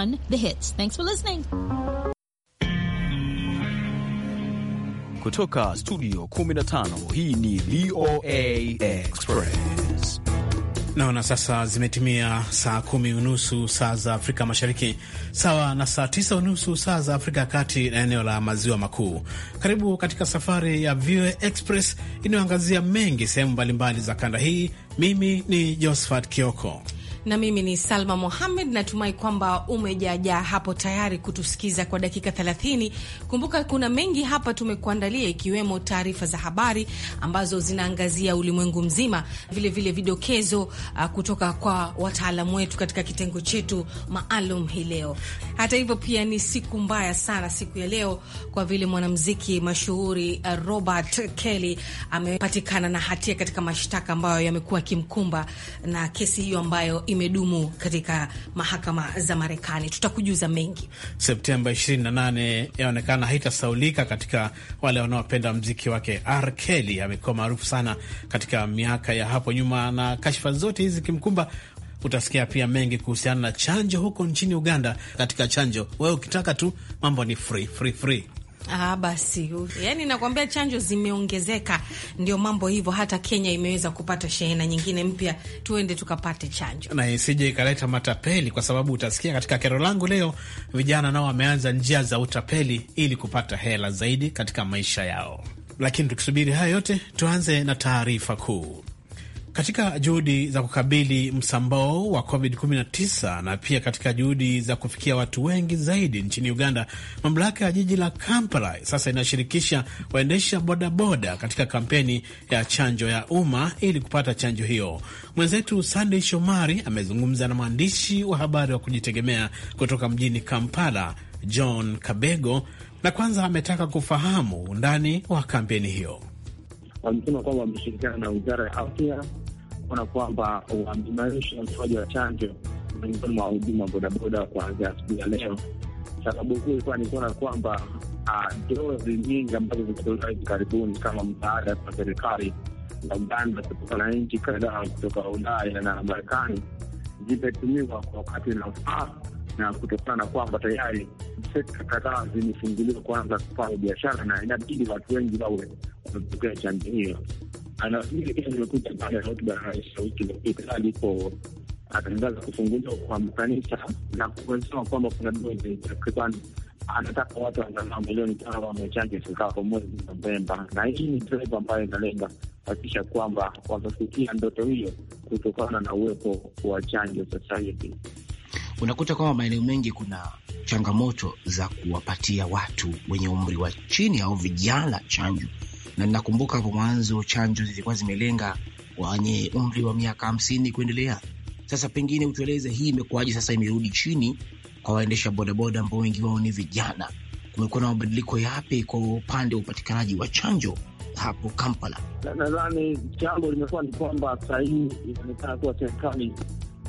One, the hits. Thanks for listening. Kutoka studio 15 hii ni VOA Express. Naona sasa zimetimia saa kumi unusu saa za Afrika Mashariki, sawa na saa tisa unusu saa za Afrika ya Kati na eneo la Maziwa Makuu. Karibu katika safari ya VOA Express inayoangazia mengi sehemu mbalimbali za kanda hii. Mimi ni Josephat Kioko na mimi ni Salma Mohamed. Natumai kwamba umejajaa hapo tayari kutusikiza kwa dakika 30. Kumbuka kuna mengi hapa tumekuandalia, ikiwemo taarifa za habari ambazo zinaangazia ulimwengu mzima, vilevile vile vidokezo uh, kutoka kwa wataalamu wetu katika kitengo chetu maalum hii leo. Hata hivyo, pia ni siku mbaya sana siku ya leo kwa vile mwanamuziki mashuhuri uh, Robert Kelly amepatikana na hatia katika mashtaka ambayo yamekuwa akimkumba na kesi hiyo ambayo imedumu katika mahakama za Marekani. Tutakujuza mengi. Septemba 28 yaonekana haitasaulika katika wale wanaopenda mziki wake. R Kelly amekuwa maarufu sana katika miaka ya hapo nyuma na kashfa zote hizi kimkumba utasikia pia mengi kuhusiana na chanjo huko nchini Uganda. Katika chanjo, wewe ukitaka tu mambo ni free free free. Ah, basi yani nakwambia chanjo zimeongezeka, ndio mambo hivyo. Hata Kenya imeweza kupata shehena nyingine mpya, tuende tukapate chanjo na isije ikaleta matapeli, kwa sababu utasikia katika kero langu leo, vijana nao wameanza njia za utapeli ili kupata hela zaidi katika maisha yao. Lakini tukisubiri haya yote, tuanze na taarifa kuu. Katika juhudi za kukabili msambao wa COVID-19 na pia katika juhudi za kufikia watu wengi zaidi nchini Uganda, mamlaka ya jiji la Kampala sasa inashirikisha waendesha bodaboda katika kampeni ya chanjo ya umma ili kupata chanjo hiyo. Mwenzetu Sandey Shomari amezungumza na mwandishi wa habari wa kujitegemea kutoka mjini Kampala, John Kabego, na kwanza ametaka kufahamu undani wa kampeni hiyo. Wamesema kwamba wameshirikiana na wizara ya afya kuona kwamba wameimarisha utoaji wa chanjo miongoni mwa wahudumu wa bodaboda kuanzia asubuhi ya leo. Sababu kuu ilikuwa ni kuona kwamba ah, dozi nyingi ambazo zimetolewa hivi karibuni kama msaada kwa serikali na Uganda kutoka na nchi kadhaa kutoka Ulaya na Marekani zimetumiwa kwa wakati unaofaa na kutokana na kwamba tayari sekta kadhaa zimefunguliwa kuanza kufanya biashara na inabidi watu wengi wawe wamepokea chanjo hiyo. Anafikiri kisha nimekuta baada ya hotuba ya rais wiki iliyopita alipo atangaza kufunguliwa kwa makanisa na kusema kwamba kuna dozi takriban anataka watu angalau milioni tano wamechanja ifikapo mwezi Novemba, na hii ni drive ambayo inalenga kuhakikisha kwamba wamefikia ndoto hiyo kutokana na uwepo wa chanjo sasa hivi. Unakuta kwamba maeneo mengi kuna changamoto za kuwapatia watu wenye umri wa chini au vijana chanjo na ninakumbuka hapo mwanzo chanjo zilikuwa zimelenga wenye umri wa miaka hamsini kuendelea. Sasa pengine utueleze hii imekuwaje, sasa imerudi chini kwa waendesha bodaboda ambao wengi wao ni vijana? Kumekuwa na mabadiliko yapi kwa upande wa upatikanaji wa chanjo hapo Kampala? Nadhani jambo limekuwa ni kwamba sahii inaonekana kuwa serikali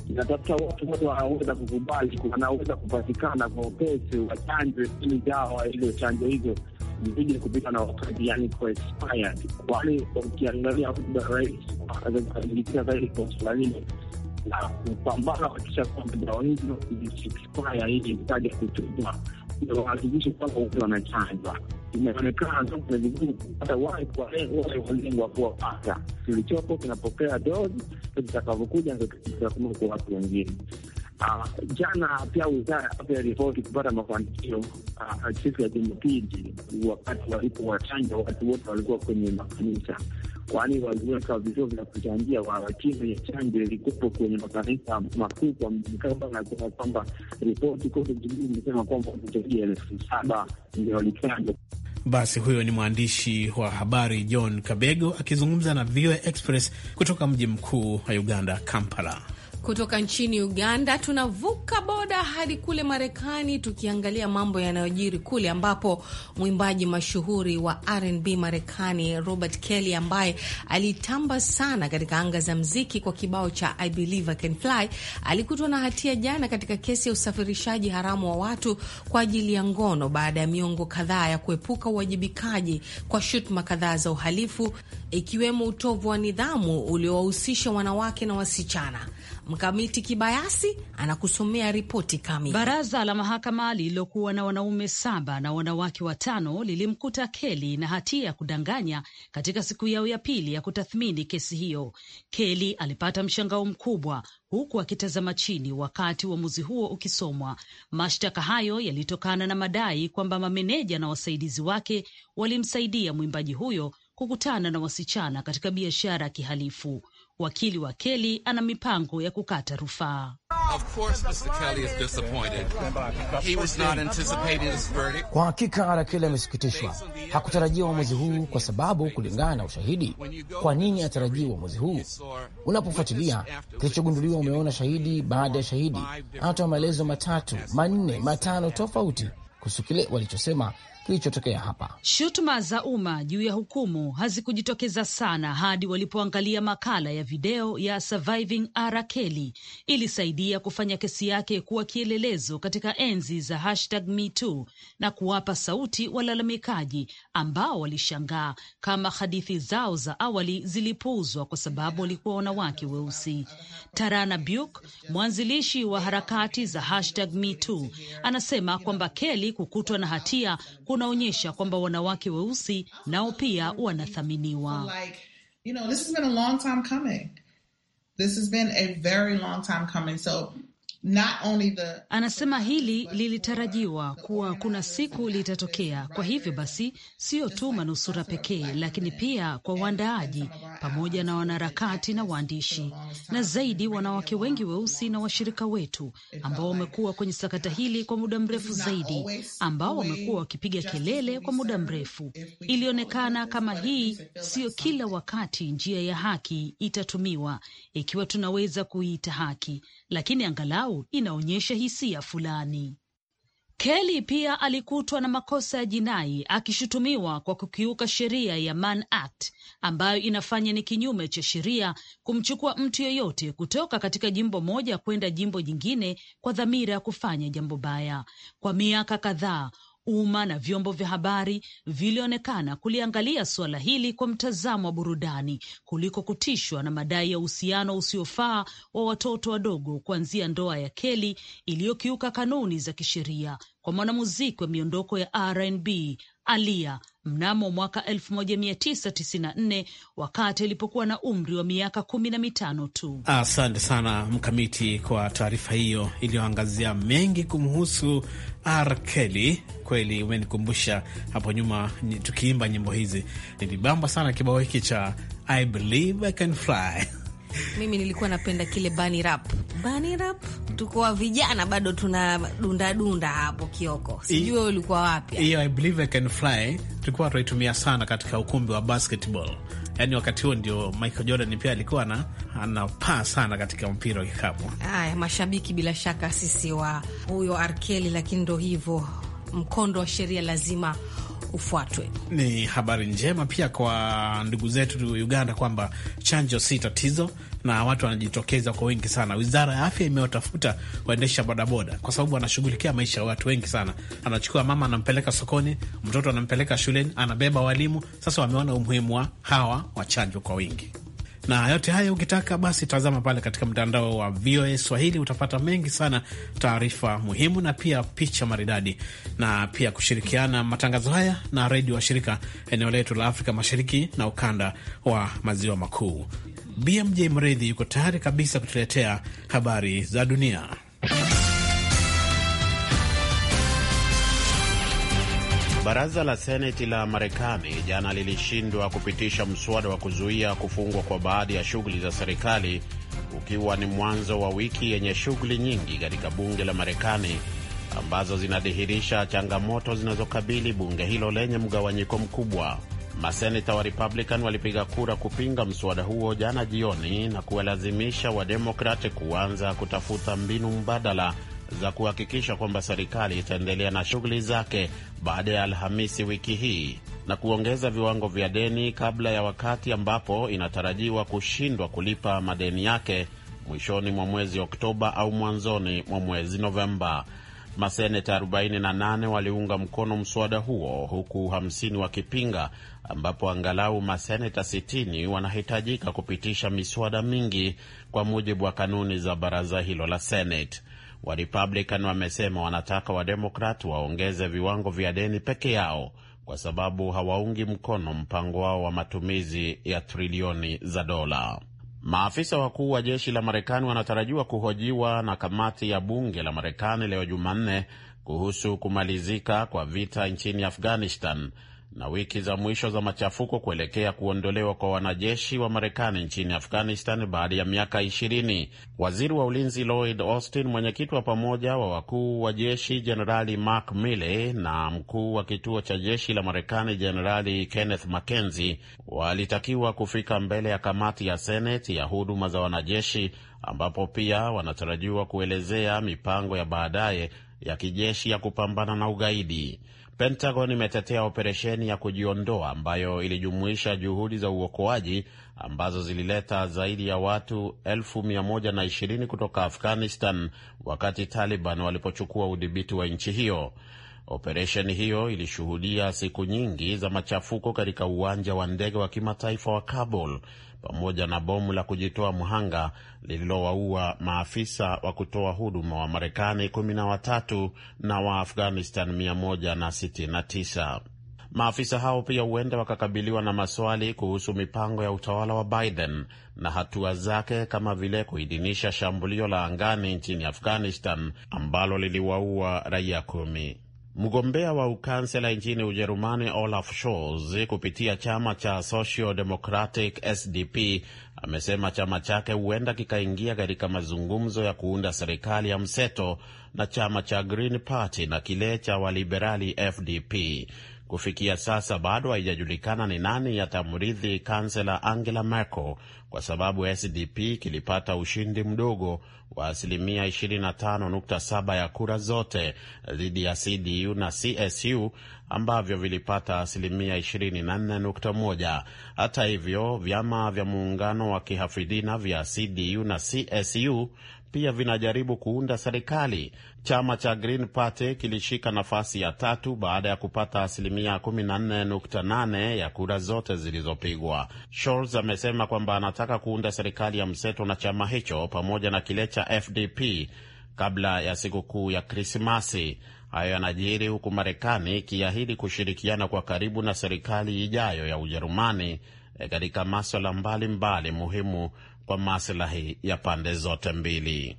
inatafuta watu wote wanaoweza kukubali, wanaoweza kupatikana kwa upesi wachanjwe ili dawa ile chanjo hizo mzidi kupita na wakati, yani kwa Kwani ukiangalia hotuba ya rais azakukamilikia zaidi kwa suala hilo na kupambana kuhakikisha kwamba dawa hizo zisiexpire ili taja kutupa ndo wahakikishe kwamba wote wanachanjwa. Imeonekana sasa vigumu kupata wale kwa wale walengwa kuwapata. Kilichopo kinapokea dozi, tutakavyokuja ndo watu wengine. Uh, jana pia wizara ya afya iliripoti kupata mafanikio uh, siku ya Jumapili, wakati walipo wachanja watu wote walikuwa kwenye makanisa, kwani waliweka vituo vya kuchanjia. Timu ya chanjo ilikuwepo kwenye makanisa makubwa na kuna kwamba ripoti kote jingine imesema kwamba zaidi elfu saba ndio walichanjwa. Basi huyo ni mwandishi wa habari John Kabego akizungumza na VOA Express kutoka mji mkuu wa Uganda, Kampala. Kutoka nchini Uganda tunavuka boda hadi kule Marekani, tukiangalia mambo yanayojiri kule, ambapo mwimbaji mashuhuri wa RnB Marekani Robert Kelly ambaye alitamba sana katika anga za mziki kwa kibao cha I Believe I Can Fly alikutwa na hatia jana katika kesi ya usafirishaji haramu wa watu kwa ajili ya ngono baada ya miongo kadhaa ya kuepuka uwajibikaji kwa shutuma kadhaa za uhalifu ikiwemo utovu wa nidhamu uliowahusisha wanawake na wasichana. Mkamiti Kibayasi anakusomea ripoti kamili. Baraza la mahakama lililokuwa na wanaume saba na wanawake watano lilimkuta Keli na hatia ya kudanganya katika siku yao ya pili ya kutathmini kesi hiyo. Keli alipata mshangao mkubwa huku akitazama chini wakati uamuzi wa huo ukisomwa. Mashtaka hayo yalitokana na madai kwamba mameneja na wasaidizi wake walimsaidia mwimbaji huyo kukutana na wasichana katika biashara ya kihalifu. Wakili wa Kelly ana mipango ya kukata rufaa. Kwa hakika Rakeli amesikitishwa, hakutarajia uamuzi huu, kwa sababu kulingana na ushahidi. Kwa nini atarajia uamuzi huu? Unapofuatilia kilichogunduliwa, umeona shahidi baada ya shahidi anatoa maelezo matatu manne matano tofauti kuhusu kile walichosema kilichotokea hapa. Shutuma za umma juu ya hukumu hazikujitokeza sana hadi walipoangalia makala ya video ya Surviving R Kelly ilisaidia kufanya kesi yake kuwa kielelezo katika enzi za hashtag Me Too na kuwapa sauti walalamikaji ambao walishangaa kama hadithi zao za awali zilipuuzwa kwa sababu walikuwa wanawake weusi. Tarana Buk, mwanzilishi wa harakati za hashtag Me Too, anasema kwamba Kelly kukutwa na hatia unaonyesha kwamba wanawake weusi nao pia wanathaminiwa. You know, this has been a long time coming. This has been a very long time coming. So the... Anasema hili lilitarajiwa kuwa kuna siku litatokea. Kwa hivyo basi, sio tu manusura pekee, lakini pia kwa waandaaji pamoja na wanaharakati na waandishi, na zaidi wanawake wengi weusi na washirika wetu ambao wamekuwa kwenye sakata hili kwa muda mrefu zaidi, ambao wamekuwa wakipiga kelele kwa muda mrefu. Ilionekana kama hii sio kila wakati njia ya haki itatumiwa, ikiwa tunaweza kuiita haki lakini angalau inaonyesha hisia fulani. Kelly pia alikutwa na makosa ya jinai akishutumiwa kwa kukiuka sheria ya Mann Act ambayo inafanya ni kinyume cha sheria kumchukua mtu yeyote kutoka katika jimbo moja kwenda jimbo jingine kwa dhamira ya kufanya jambo baya. Kwa miaka kadhaa umma na vyombo vya habari vilionekana kuliangalia suala hili kwa mtazamo wa burudani kuliko kutishwa na madai ya uhusiano usiofaa wa watoto wadogo, kuanzia ndoa ya Kelly iliyokiuka kanuni za kisheria kwa mwanamuziki wa miondoko ya R&B Alia mnamo mwaka 1994 wakati alipokuwa na umri wa miaka kumi na mitano tu. Asante sana Mkamiti kwa taarifa hiyo iliyoangazia mengi kumhusu R Kelly. Kweli umenikumbusha hapo nyuma tukiimba nyimbo hizi, nilibambwa sana kibao hiki cha I Believe I Can Fly. Mimi nilikuwa napenda kile bani rap. Bani rap tukuwa vijana bado tuna dunda dunda hapo Kioko, sijui wewe ulikuwa wapi? Hiyo I believe I can fly tulikuwa tunaitumia sana katika ukumbi wa basketball. Yaani wakati huo ndio Michael Jordan pia alikuwa anapaa sana katika mpira wa kikapu. Haya, mashabiki bila shaka sisi wa huyo Arkeli, lakini ndo hivyo mkondo wa sheria lazima ufuatwe. Ni habari njema pia kwa ndugu zetu Uganda kwamba chanjo si tatizo na watu wanajitokeza kwa wengi sana. Wizara ya Afya imewatafuta waendesha bodaboda kwa sababu anashughulikia maisha ya watu wengi sana. Anachukua mama, anampeleka sokoni, mtoto anampeleka shuleni, anabeba walimu. Sasa wameona umuhimu wa hawa wachanjwa kwa wingi na yote hayo ukitaka basi tazama pale katika mtandao wa VOA Swahili, utapata mengi sana, taarifa muhimu na pia picha maridadi, na pia kushirikiana matangazo haya na redio wa shirika eneo letu la Afrika Mashariki na ukanda wa maziwa makuu. BMJ Mredhi yuko tayari kabisa kutuletea habari za dunia. Baraza la Seneti la Marekani jana lilishindwa kupitisha mswada wa kuzuia kufungwa kwa baadhi ya shughuli za serikali ukiwa ni mwanzo wa wiki yenye shughuli nyingi katika bunge la Marekani ambazo zinadhihirisha changamoto zinazokabili bunge hilo lenye mgawanyiko mkubwa. Maseneta wa Republican walipiga kura kupinga mswada huo jana jioni na kuwalazimisha Wademokrat kuanza kutafuta mbinu mbadala za kuhakikisha kwamba serikali itaendelea na shughuli zake baada ya Alhamisi wiki hii na kuongeza viwango vya deni kabla ya wakati ambapo inatarajiwa kushindwa kulipa madeni yake mwishoni mwa mwezi Oktoba au mwanzoni mwa mwezi Novemba. Maseneta 48 waliunga mkono mswada huo huku 50 wakipinga, ambapo angalau maseneta 60 wanahitajika kupitisha miswada mingi kwa mujibu wa kanuni za baraza hilo la Senate wa Republican wamesema wanataka Wademokrat waongeze viwango vya deni peke yao kwa sababu hawaungi mkono mpango wao wa matumizi ya trilioni za dola. Maafisa wakuu wa jeshi la Marekani wanatarajiwa kuhojiwa na kamati ya bunge la Marekani leo Jumanne kuhusu kumalizika kwa vita nchini Afghanistan na wiki za mwisho za machafuko kuelekea kuondolewa kwa wanajeshi wa Marekani nchini Afghanistan baada ya miaka ishirini. Waziri wa ulinzi Lloyd Austin, mwenyekiti wa pamoja wa wakuu wa jeshi Jenerali Mark Milley na mkuu wa kituo cha jeshi la Marekani Jenerali Kenneth McKenzie walitakiwa kufika mbele ya kamati ya Seneti ya huduma za wanajeshi ambapo pia wanatarajiwa kuelezea mipango ya baadaye ya kijeshi ya kupambana na ugaidi. Pentagon imetetea operesheni ya kujiondoa ambayo ilijumuisha juhudi za uokoaji ambazo zilileta zaidi ya watu 120 kutoka Afghanistan wakati Taliban walipochukua udhibiti wa nchi hiyo. Operesheni hiyo ilishuhudia siku nyingi za machafuko katika uwanja wa ndege wa kimataifa wa Kabul pamoja na bomu la kujitoa mhanga lililowaua maafisa wa kutoa huduma wa Marekani kumi na watatu na wa Afghanistan mia moja na sitini na tisa. Maafisa hao pia huenda wakakabiliwa na maswali kuhusu mipango ya utawala wa Biden na hatua zake kama vile kuidhinisha shambulio la angani nchini Afghanistan ambalo liliwaua raia kumi. Mgombea wa ukansela nchini Ujerumani Olaf Scholz kupitia chama cha Social Democratic SDP amesema chama chake huenda kikaingia katika mazungumzo ya kuunda serikali ya mseto na chama cha Green Party na kile cha waliberali FDP. Kufikia sasa bado haijajulikana ni nani atamrithi kansela Angela Merkel kwa sababu SDP kilipata ushindi mdogo wa asilimia 25.7 ya kura zote dhidi ya CDU na CSU ambavyo vilipata asilimia 24.1. Hata hivyo, vyama vya muungano wa kihafidhina vya CDU na CSU pia vinajaribu kuunda serikali. Chama cha Green Party kilishika nafasi ya tatu baada ya kupata asilimia 14.8 ya kura zote zilizopigwa. Scholz amesema kwamba anataka kuunda serikali ya mseto na chama hicho pamoja na kile cha FDP kabla ya sikukuu ya Krismasi. Hayo yanajiri huku Marekani ikiahidi kushirikiana kwa karibu na serikali ijayo ya Ujerumani eh, katika maswala mbalimbali muhimu kwa maslahi ya pande zote mbili.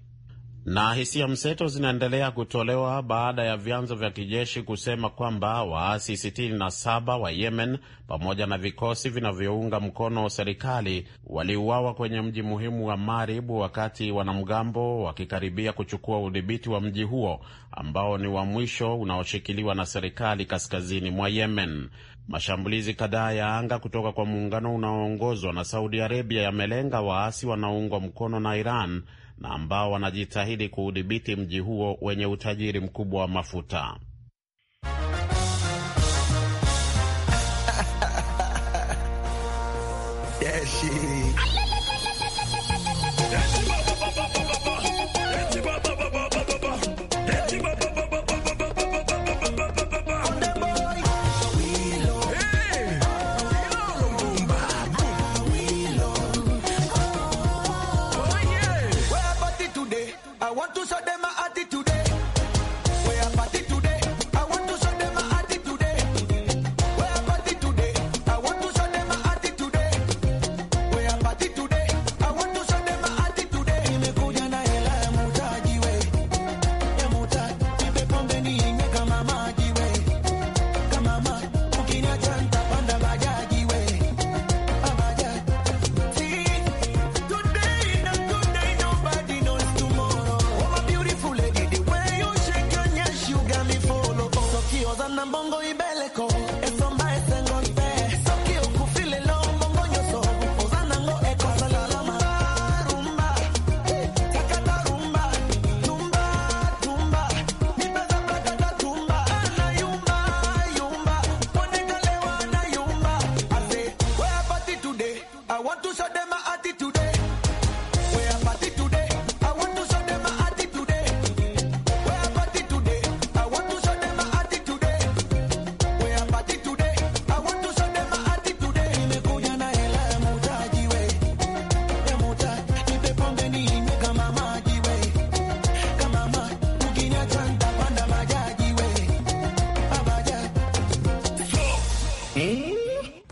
Na hisia mseto zinaendelea kutolewa baada ya vyanzo vya kijeshi kusema kwamba waasi 67 wa Yemen pamoja na vikosi vinavyounga mkono serikali waliuawa kwenye mji muhimu wa Marib wakati wanamgambo wakikaribia kuchukua udhibiti wa mji huo ambao ni wa mwisho unaoshikiliwa na serikali kaskazini mwa Yemen. Mashambulizi kadhaa ya anga kutoka kwa muungano unaoongozwa na Saudi Arabia yamelenga waasi wanaoungwa mkono na Iran na ambao wanajitahidi kuudhibiti mji huo wenye utajiri mkubwa wa mafuta. Yes,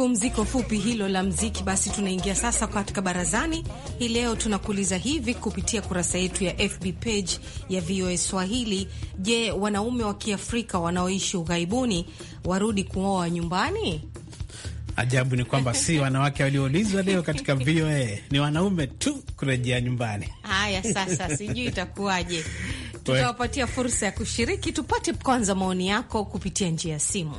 pumziko fupi hilo la mziki. Basi tunaingia sasa katika barazani hii leo, tunakuuliza hivi kupitia kurasa yetu ya FB page ya VOA Swahili. Je, wanaume wa Kiafrika wanaoishi ughaibuni warudi kuoa nyumbani? Ajabu ni kwamba si wanawake walioulizwa leo katika VOA, ni wanaume tu kurejea nyumbani. Haya sasa, sijui itakuwaje tutawapatia fursa ya kushiriki. Tupate kwanza maoni yako kupitia njia ya simu.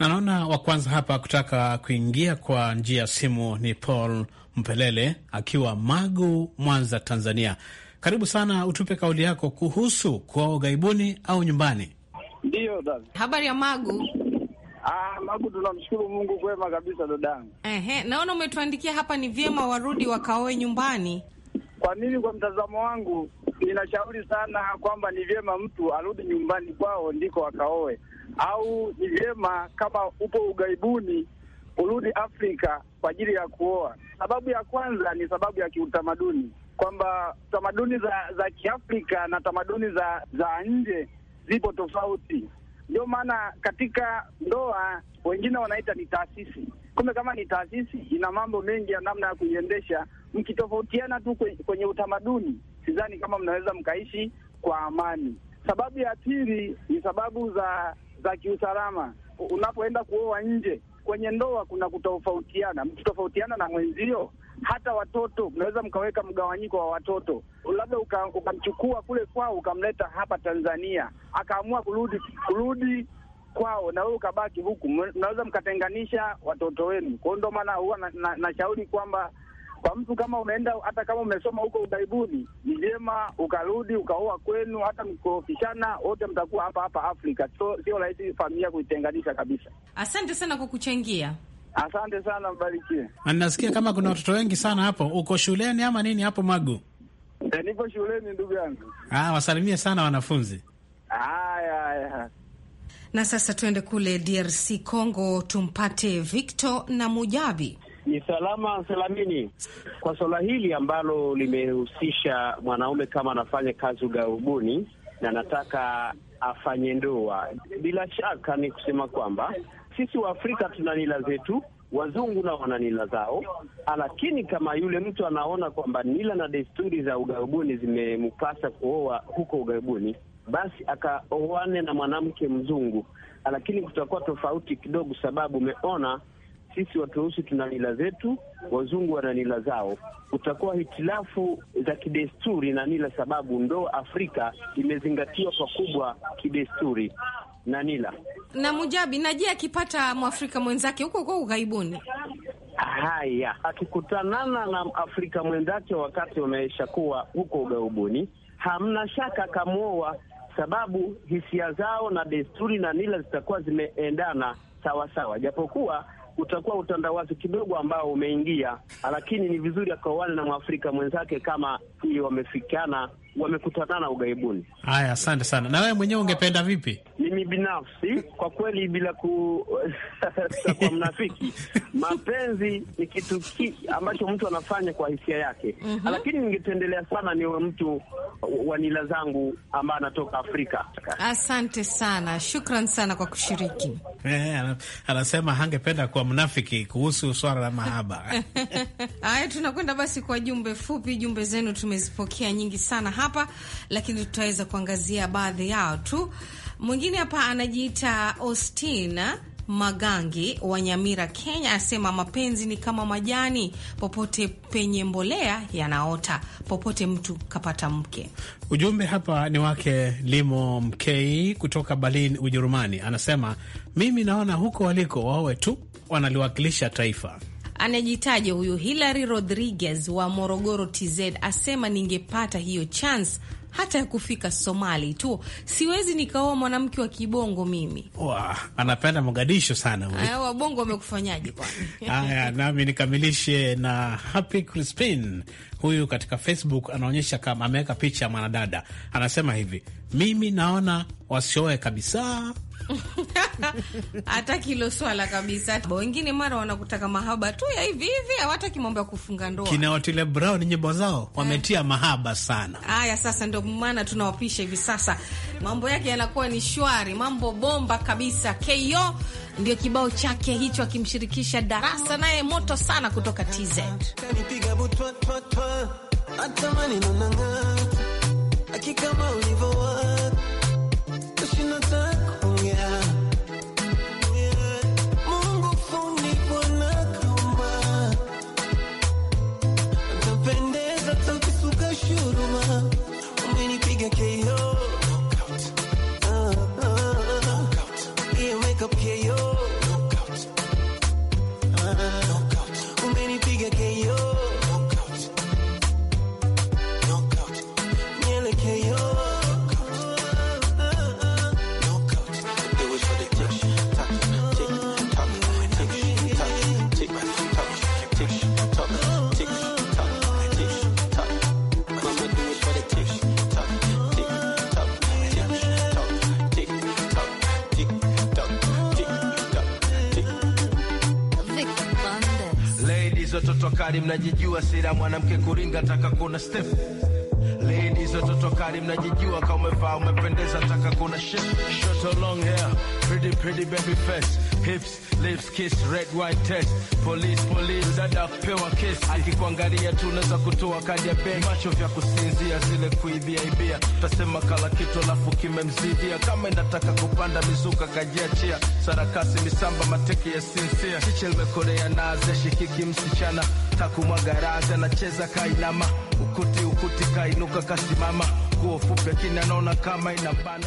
Naona wa kwanza hapa kutaka kuingia kwa njia ya simu ni Paul Mpelele akiwa Magu, Mwanza, Tanzania. Karibu sana, utupe kauli yako kuhusu kuoa ughaibuni au nyumbani. Ndiyo dada, habari ya Magu? Ah, Magu tunamshukuru Mungu, kwema kabisa dadangu. Ehe, naona umetuandikia hapa, ni vyema warudi wakaoe nyumbani. Kwa mimi, kwa mtazamo wangu, ninashauri sana kwamba ni vyema mtu arudi nyumbani kwao ndiko akaoe, au ni vyema kama upo ugaibuni urudi Afrika kwa ajili ya kuoa. Sababu ya kwanza ni sababu ya kiutamaduni, kwamba tamaduni za za Kiafrika na tamaduni za za nje zipo tofauti. Ndio maana katika ndoa wengine wanaita ni taasisi, kumbe kama ni taasisi ina mambo mengi ya namna ya kuiendesha mkitofautiana tu kwenye utamaduni, sidhani kama mnaweza mkaishi kwa amani. Sababu ya pili ni sababu za za kiusalama. Unapoenda kuoa nje, kwenye ndoa kuna kutofautiana, mkitofautiana na mwenzio hata watoto mnaweza mkaweka mgawanyiko wa watoto, labda ukamchukua uka kule kwao ukamleta hapa Tanzania, akaamua kurudi kurudi kwao na wewe ukabaki huku, mnaweza mkatenganisha watoto wenu. Kwa hiyo ndio maana huwa nashauri na, na kwamba kwa mtu kama umeenda hata kama umesoma huko ughaibuni, ni vyema ukarudi ukaoa kwenu, hata mkofishana wote mtakuwa hapa hapa Afrika. So sio rahisi familia kuitenganisha kabisa. Asante sana kwa kuchangia. Asante sana, mbarikiwe. Nasikia kama kuna watoto wengi sana hapo. Uko shuleni ama nini hapo Magu? E, nipo shuleni ndugu yangu. Ah, wasalimie sana wanafunzi. Aya, Na sasa tuende kule DRC Congo tumpate Victor na Mujabi ni salama salamini. Kwa suala hili ambalo limehusisha mwanaume kama anafanya kazi ugaubuni na anataka afanye ndoa, bila shaka ni kusema kwamba sisi Waafrika tuna nila zetu, wazungu nao wana nila zao, lakini kama yule mtu anaona kwamba nila na desturi za ugaibuni zimempasa kuoa huko ugaibuni, basi akaoane na mwanamke mzungu, lakini kutakuwa tofauti kidogo, sababu umeona sisi watu weusi tuna mila zetu, wazungu wana mila zao. Kutakuwa hitilafu za kidesturi na mila, sababu ndo Afrika imezingatiwa pakubwa kidesturi na mila. Na Mujabi, naje akipata mwafrika mwenzake huko huko ughaibuni Haya, akikutanana na Afrika mwenzake wakati unaisha kuwa huko ughaibuni, hamna shaka akamwoa, sababu hisia zao na desturi na mila zitakuwa zimeendana sawasawa, japokuwa utakuwa utandawazi kidogo ambao umeingia, lakini ni vizuri akaoana na mwafrika mwenzake kama hii wamefikiana wamekutanana na ugaibuni. Haya, asante sana. Na wewe mwenyewe ungependa vipi? Mimi binafsi kwa kweli, bila ku kwa mnafiki, mapenzi ni kitu ki ambacho mtu anafanya kwa hisia yake mm -hmm. Lakini ningependelea sana niwe mtu wa nila zangu ambaye anatoka Afrika. Asante sana, shukran sana kwa kushiriki. Eh, anasema hangependa kuwa mnafiki kuhusu swala la mahaba. Haya, tunakwenda basi kwa jumbe fupi. Jumbe zenu tumezipokea nyingi sana hapa hapa, lakini tutaweza kuangazia baadhi yao tu. Mwingine hapa anajiita Ostina Magangi wa Nyamira, Kenya, asema mapenzi ni kama majani, popote penye mbolea yanaota, popote mtu kapata mke. Ujumbe hapa ni wake Limo Mkei kutoka Berlin, Ujerumani, anasema mimi naona huko waliko waowe tu, wanaliwakilisha taifa anajitaja huyu Hilary Rodriguez wa Morogoro TZ asema, ningepata hiyo chance hata ya kufika Somali tu siwezi nikaoa mwanamke wa kibongo mimi. Wow, anapenda Mogadisho sana aya, eh, wabongo wamekufanyaje kwani? nami nikamilishe na Happy Crispin. Huyu katika Facebook anaonyesha kama ameweka picha ya mwanadada, anasema hivi, mimi naona wasioe kabisa hataki ilo swala kabisa. Wengine mara wanakutaka mahaba tu ya hivi hivi, hawataki mambo ya kufunga ndoa. Kina Otile Brown nyimbo zao eh. wametia mahaba sana. Haya, sasa ndio maana tunawapisha hivi sasa, mambo yake yanakuwa ni shwari, mambo bomba kabisa. KO ndio kibao chake hicho, akimshirikisha Darasa naye moto sana kutoka TZ kari mnajijua sira mwanamke kuringa taka kuna step lady zoto totokari mnajijua kama umefaa umependeza taka kuna shit short or long hair pretty pretty baby face hips lips kiss red white test police police dada pewa kesi akikuangalia tunaweza kutoa kadi ya macho vya kusinzia zile kuibia ibia tasema kala kitu alafu kimemzidia kama inataka kupanda mizuka kajiachia sarakasi misamba mateke ya sinsia chiche limekorea naze shikiki msichana takumwaga raza anacheza kainama ukuti ukuti kainuka kasimama nguo fupi, lakini anaona kama inabana.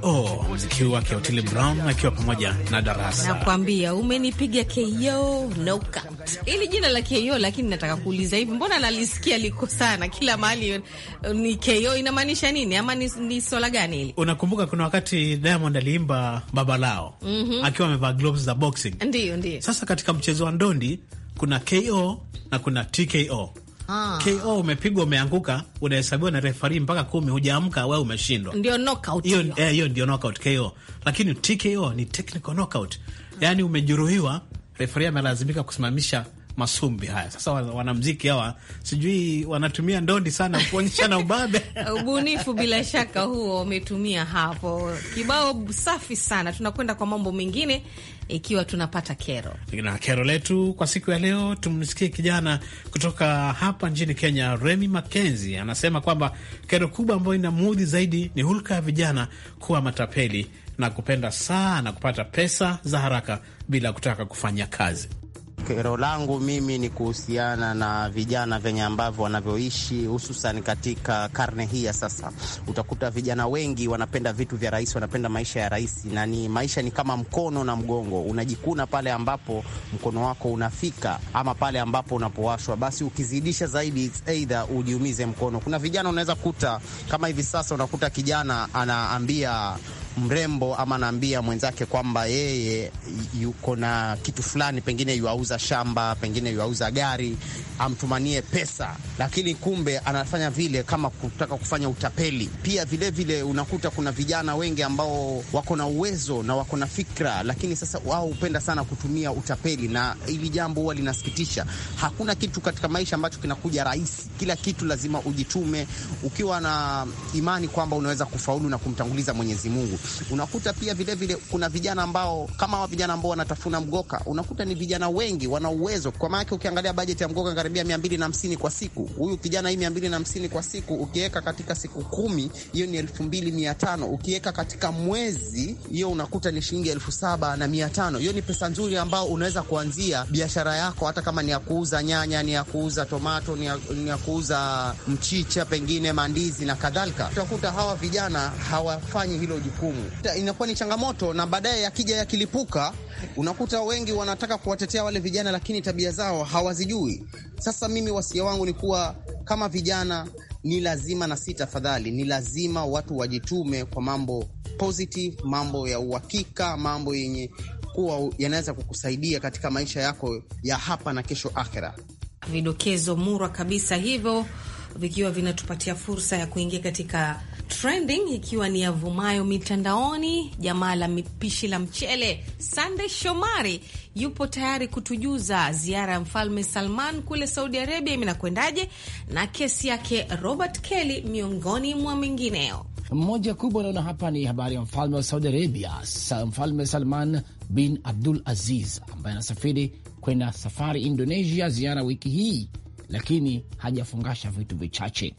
Ko mziki wake Otile Brown akiwa pamoja na Darasa. Nakwambia umenipiga Ko knockout, ili jina la Ko. Lakini nataka kuuliza hivi, mbona nalisikia liko sana kila mahali? Uh, ni Ko inamaanisha nini ama ni, ni swala gani hili? Unakumbuka kuna wakati Diamond aliimba baba lao mm -hmm. akiwa amevaa gloves za boxing. Ndiyo, ndiyo. Sasa katika mchezo wa ndondi kuna Ko na kuna TKO Ah. KO umepigwa umeanguka, unahesabiwa na refari mpaka kumi, hujaamka wewe umeshindwa. Ndio knockout. Hiyo eh, hiyo ndio knockout KO. Lakini TKO ni technical knockout. Yaani umejeruhiwa, refari amelazimika kusimamisha masumbi haya. Sasa wanamziki hawa sijui wanatumia ndondi sana kuonyeshana ubabe ubunifu bila shaka huo wametumia hapo. Kibao safi sana. Tunakwenda kwa mambo mengine ikiwa tunapata kero na kero letu kwa siku ya leo, tumsikie kijana kutoka hapa nchini Kenya, Remy Makenzi anasema kwamba kero kubwa ambayo ina mudhi zaidi ni hulka ya vijana kuwa matapeli na kupenda sana kupata pesa za haraka bila kutaka kufanya kazi. Kero langu mimi ni kuhusiana na vijana venye ambavyo wanavyoishi hususan katika karne hii ya sasa. Utakuta vijana wengi wanapenda vitu vya rahisi, wanapenda maisha ya rahisi, na ni maisha ni kama mkono na mgongo, unajikuna pale ambapo mkono wako unafika ama pale ambapo unapowashwa, basi ukizidisha zaidi, aidha ujiumize mkono. Kuna vijana unaweza kuta kama hivi sasa, unakuta kijana anaambia mrembo ama anaambia mwenzake kwamba yeye yuko na kitu fulani, pengine yuauza shamba, pengine yuauza gari, amtumanie pesa, lakini kumbe anafanya vile kama kutaka kufanya utapeli. Pia vilevile vile unakuta kuna vijana wengi ambao wako na uwezo na wako na fikra, lakini sasa wao hupenda sana kutumia utapeli, na hili jambo huwa linasikitisha. Hakuna kitu katika maisha ambacho kinakuja rahisi, kila kitu lazima ujitume, ukiwa na imani kwamba unaweza kufaulu na kumtanguliza Mwenyezi Mungu. Unakuta pia vilevile vile, kuna vijana ambao kama hawa vijana ambao wanatafuna mgoka, unakuta ni vijana wengi wana uwezo, kwa maana ukiangalia bajeti ya mgoka karibia 250 kwa siku. Huyu kijana hii 250 kwa siku ukiweka katika siku kumi, hiyo ni 2500 ukiweka katika mwezi, hiyo unakuta ni shilingi 7500 Hiyo ni pesa nzuri ambao unaweza kuanzia biashara yako, hata kama ni ya kuuza nyanya, ni ya kuuza tomato, ni ya, ni ya kuuza mchicha, pengine mandizi na kadhalika. Utakuta hawa vijana hawafanyi hilo jukumu mm. inakuwa ni changamoto, na baadaye yakija yakilipuka, unakuta wengi wanataka kuwatetea wale vijana, lakini tabia zao hawazijui. Sasa mimi wasia wangu ni kuwa kama vijana ni lazima na si tafadhali, ni lazima watu wajitume kwa mambo positive, mambo ya uhakika, mambo yenye kuwa yanaweza kukusaidia katika maisha yako ya hapa na kesho akhera. Vidokezo murwa kabisa hivyo vikiwa vinatupatia fursa ya kuingia katika trending ikiwa ni yavumayo mitandaoni. Jamaa la mipishi la mchele sandey Shomari yupo tayari kutujuza ziara ya mfalme Salman kule Saudi Arabia imenakwendaje, na kesi yake Robert Kelly miongoni mwa mengineo. Mmoja kubwa naona hapa ni habari ya mfalme wa Saudi Arabia, Mfalme Salman bin Abdul Aziz ambaye anasafiri kwenda safari Indonesia, ziara wiki hii lakini hajafungasha vitu vichache.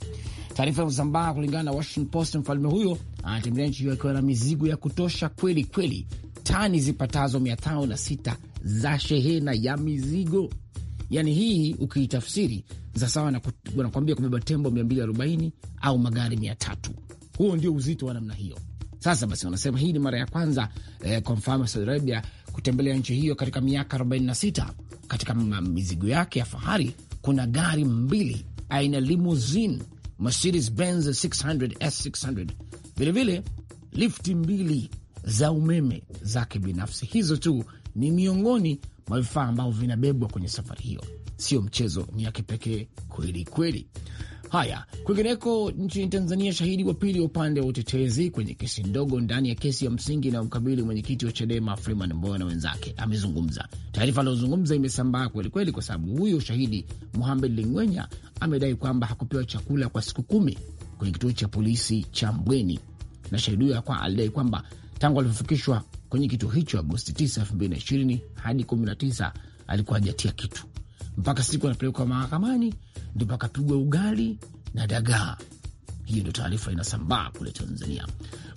Taarifa ya kusambaa kulingana na Washington Post, mfalme huyo anatembelea nchi hiyo akiwa na mizigo ya kutosha kweli kweli, tani zipatazo mia tano na sita za shehena ya mizigo. Yani hii ukiitafsiri za sawa na wanakwambia kubeba tembo 240 au magari 300. Huo ndio uzito wa namna hiyo. Sasa basi, wanasema hii ni mara ya kwanza eh, kwa mfalme wa Saudi Arabia kutembelea nchi hiyo katika miaka 46 katika mizigo yake ya fahari kuna gari mbili aina limousine Mercedes Benz 600 S600, vilevile lifti mbili za umeme za kibinafsi. Hizo tu ni miongoni mwa vifaa ambavyo vinabebwa kwenye safari hiyo. Sio mchezo, ni ya kipekee kweli kweli. Haya, kwingineko nchini Tanzania, shahidi wa pili wa upande wa utetezi kwenye kesi ndogo ndani ya kesi ya msingi inayomkabili mwenyekiti wa CHADEMA Freeman Mbowe na wenzake amezungumza. Taarifa aliyozungumza imesambaa kwelikweli, kwa sababu huyo shahidi Muhamed Lingwenya amedai kwamba hakupewa chakula kwa siku kumi kwenye kituo cha polisi cha Mbweni, na shahidi huyo kwa alidai kwamba tangu alipofikishwa kwenye kituo hicho Agosti 9, 2020 hadi 19 alikuwa hajatia kitu mpaka siku anapelekwa mahakamani ndo pakapigwa ugali na dagaa. Hiyo ndo taarifa inasambaa kule Tanzania.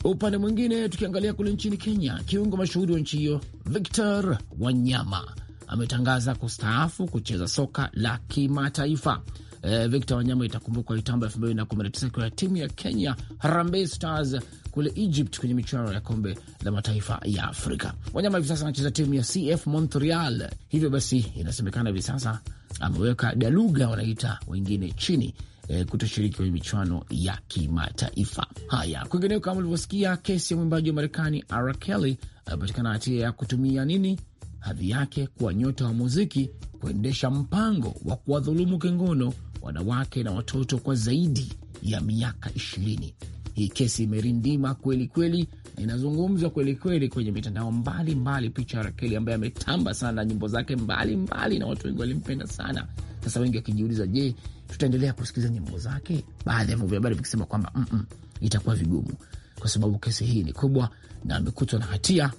Upande mwingine, tukiangalia kule nchini Kenya, kiungo mashuhuri wa nchi hiyo Victor Wanyama ametangaza kustaafu kucheza soka la kimataifa. E, Victor Wanyama itakumbukwa itamba elfu mbili na kumi na tisa akiwa timu ya Kenya Harambee Stars kule Egypt kwenye michuano ya kombe la mataifa ya Afrika. Wanyama hivi sasa anacheza timu ya CF Montreal, hivyo basi inasemekana hivi sasa ameweka daluga wanaita wengine chini e, kutoshiriki kwenye michuano ya kimataifa. Haya, kwingineo, kama ulivyosikia, kesi ya mwimbaji wa Marekani R Kelly amepatikana hatia ya kutumia nini hadhi yake kuwa nyota wa muziki kuendesha mpango wa kuwadhulumu kingono wanawake na watoto kwa zaidi ya miaka ishirini. Hii kesi imerindima kweli kweli inazungumzwa kweli kweli kwenye mitandao mbalimbali Picha ya Rakeli ambaye ametamba sana na nyimbo zake mbalimbali mbali, na watu wengi walimpenda sana. Sasa wengi wakijiuliza, je, tutaendelea kusikiliza nyimbo zake? Baadhi ya vyombo vya habari vikisema kwamba mm -mm, itakuwa vigumu kwa sababu kesi hii ni kubwa na amekutwa na hatia,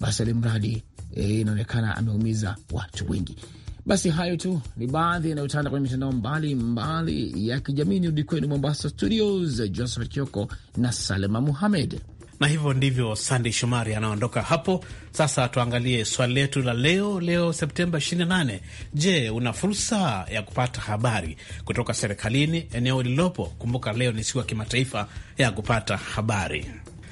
basi alimradi eh, inaonekana ameumiza watu wengi. Basi hayo tu ni baadhi yanayotanda kwenye mitandao mbalimbali ya kijamii. Nirudi kwenu Mombasa studios, Josephat Kioko na Salema Muhamed. Na hivyo ndivyo Sandey Shomari anaondoka hapo. Sasa tuangalie swali letu la leo. Leo Septemba 28, je, una fursa ya kupata habari kutoka serikalini eneo lililopo? Kumbuka leo ni siku ya kimataifa ya kupata habari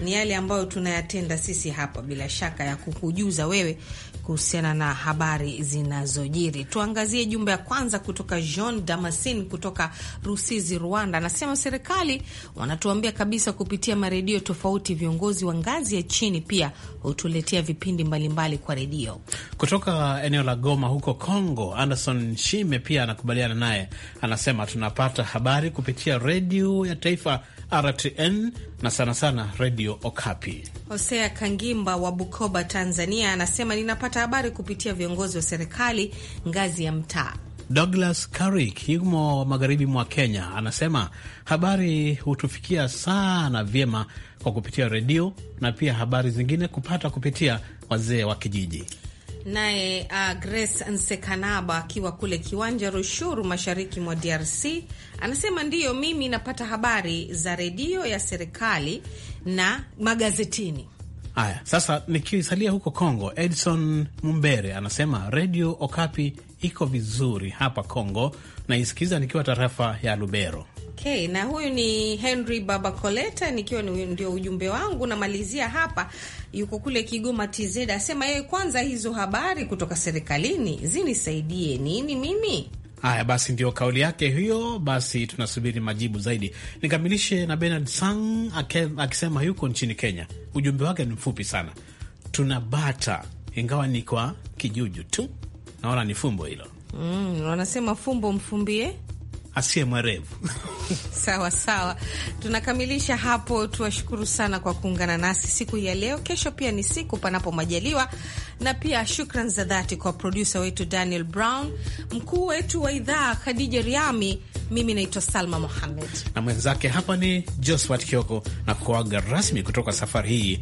ni yale ambayo tunayatenda sisi hapa, bila shaka ya kukujuza wewe kuhusiana na habari zinazojiri. Tuangazie jumba ya kwanza kutoka Jean Damascene kutoka Rusizi, Rwanda. Anasema serikali wanatuambia kabisa kupitia maredio tofauti, viongozi wa ngazi ya chini pia hutuletea vipindi mbalimbali mbali kwa redio. Kutoka eneo la Goma huko Congo, Anderson Shime pia anakubaliana naye, anasema tunapata habari kupitia redio ya taifa RTN na sana sana redio Okapi. Hosea Kangimba wa Bukoba, Tanzania, anasema ninapata habari kupitia viongozi wa serikali ngazi ya mtaa. Douglas Karik yumo magharibi mwa Kenya, anasema habari hutufikia sana vyema kwa kupitia redio na pia habari zingine kupata kupitia wazee wa kijiji. Naye uh, Grace Nsekanaba akiwa kule Kiwanja Rushuru, mashariki mwa DRC, anasema ndiyo, mimi napata habari za redio ya serikali na magazetini. Haya, sasa nikisalia huko congo Edson Mumbere anasema redio Okapi iko vizuri hapa congo naisikiza nikiwa tarafa ya Lubero. Okay, na huyu ni Henry Baba Coleta, nikiwa ndio ujumbe wangu namalizia hapa. Yuko kule Kigoma TZ, asema yeye kwanza hizo habari kutoka serikalini zinisaidie nini mimi? Haya basi, ndio kauli yake hiyo. Basi tunasubiri majibu zaidi. Nikamilishe na Bernard Sang akisema yuko nchini Kenya. Ujumbe wake ni mfupi sana, tunabata ingawa ni kwa kijuju tu. Naona ni fumbo hilo. Mm, wanasema fumbo mfumbie asiye mwerevu. Sawa sawa, tunakamilisha hapo. Tuwashukuru sana kwa kuungana nasi siku hii ya leo. Kesho pia ni siku, panapo majaliwa, na pia shukran za dhati kwa produsa wetu Daniel Brown, mkuu wetu wa idhaa Khadija Riami. Mimi naitwa Salma Mohamed na mwenzake hapa ni Josphat Kioko na kuaga rasmi kutoka safari hii